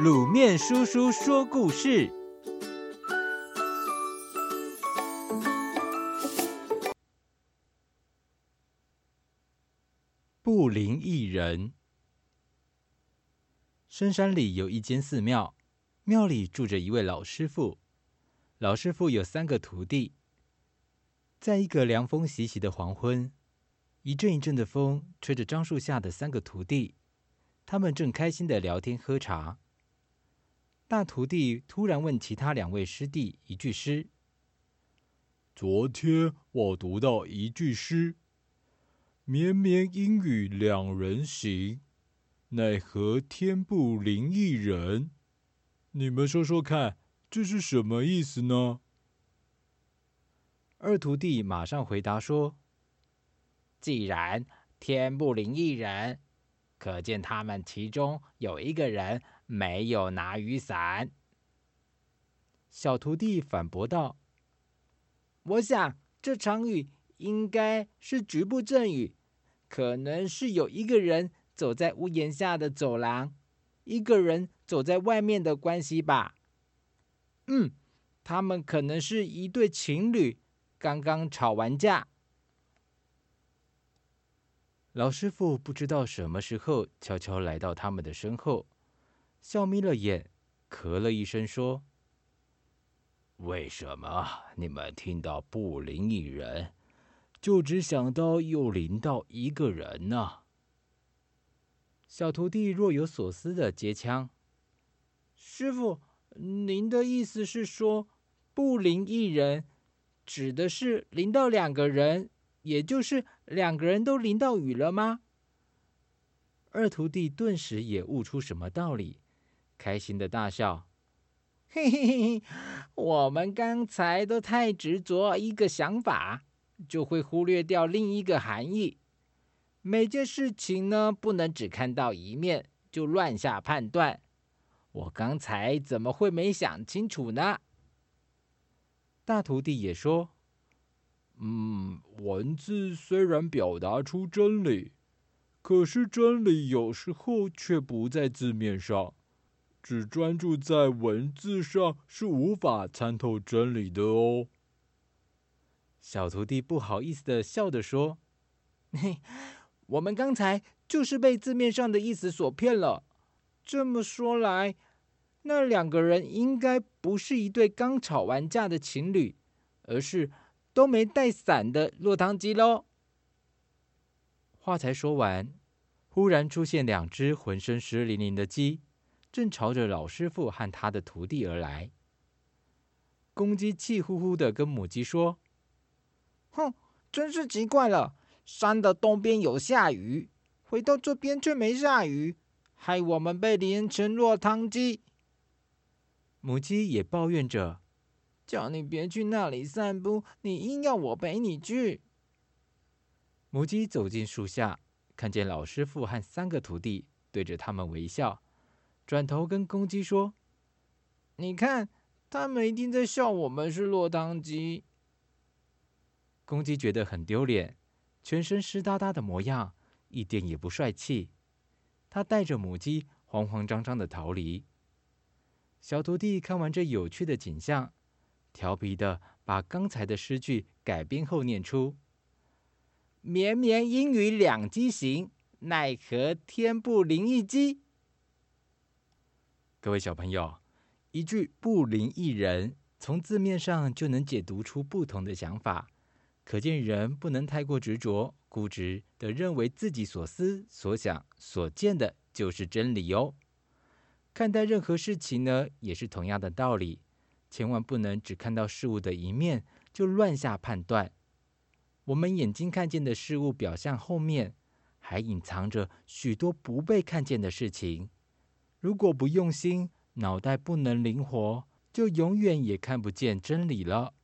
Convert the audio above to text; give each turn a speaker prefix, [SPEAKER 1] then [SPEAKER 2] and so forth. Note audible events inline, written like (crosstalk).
[SPEAKER 1] 滷麵叔叔說故事。不淋一人。深山裡有一間寺廟，廟裡住着一位老師傅。老師傅有三個徒弟。在一個涼風習習的黃昏，一陣一陣的風吹着樟樹下的三個徒弟，他們正開心的聊天喝茶。大徒弟突然問其他兩位師弟一句詩：“昨天我讀到一句詩，綿綿陰雨兩人行，奈何天不淋一人？你們說說看，這是什麼意思呢？”二徒弟馬上回答說：“既然天不淋一人。”可見他們其中有一個人沒有拿雨傘。小徒弟反駁道：“我想這場雨應該是局部陣雨，可能是有一個人走在屋檐下的走廊，一個人走在外面的關係吧。嗯，他們可能是一對情侶，剛剛吵完架。”老師傅不知道什麼時候悄悄來到他們的身後，笑眯了眼，咳了一聲說：“為什麼你們聽到‘不淋一人’，就只想到又淋到一個人呢？”小徒弟若有所思的接腔：“師傅，您的意思是說，‘不淋一人’指的是淋到兩個人？”也就是兩個人都淋到雨了嗎？二徒弟頓時也悟出什麼道理，開心地大笑：“嘿嘿嘿，嘿，我們剛才都太執着一個想法，就會忽略掉另一個含義。每件事情呢，不能只看到一面，就亂下判斷。我剛才怎麼會沒想清楚呢？”大徒弟也說。嗯，文字雖然表達出真理，可是真理有時候卻不在字面上。只專注在文字上是無法參透真理的哦。小徒弟不好意思地笑着說：“嘿， (laughs) 我們剛才就是被字面上的意思所騙了。這麼說來，那兩個人應該不是一對剛吵完架的情侶，而是……”都沒帶傘的落湯雞咯。話才說完，忽然出現兩隻渾身濕淋淋的雞，正朝着老師傅和他的徒弟而來。公雞氣呼呼的跟母雞說：“哼，真是奇怪了，山的東邊有下雨，回到這邊卻沒下雨，害我們被淋成落湯雞。”母雞也抱怨着。叫你別去那裡散步，你硬要我陪你去。母雞走進樹下，看見老師傅和三個徒弟對着他們微笑，轉頭跟公雞說：“你看，他們一定在笑我們是落湯雞。”公雞覺得很丟臉，全身濕噠噠的模樣，一點也不帥氣。它帶着母雞慌慌張張的逃離。小徒弟看完這有趣的景象。調皮的把剛才的詩句改編後念出：“綿綿陰雨兩雞行，奈何天不淋一雞。”各位小朋友，一句“不淋一人”，從字面上就能解讀出不同的想法，可見人不能太過執着、固執的認為自己所思、所想、所見的就是真理哦。看待任何事情呢，也是同樣的道理。千萬不能只看到事物的一面，就亂下判斷。我們眼睛看見的事物表象後面，還隱藏着許多不被看見的事情。如果不用心，腦袋不能靈活，就永遠也看不見真理了。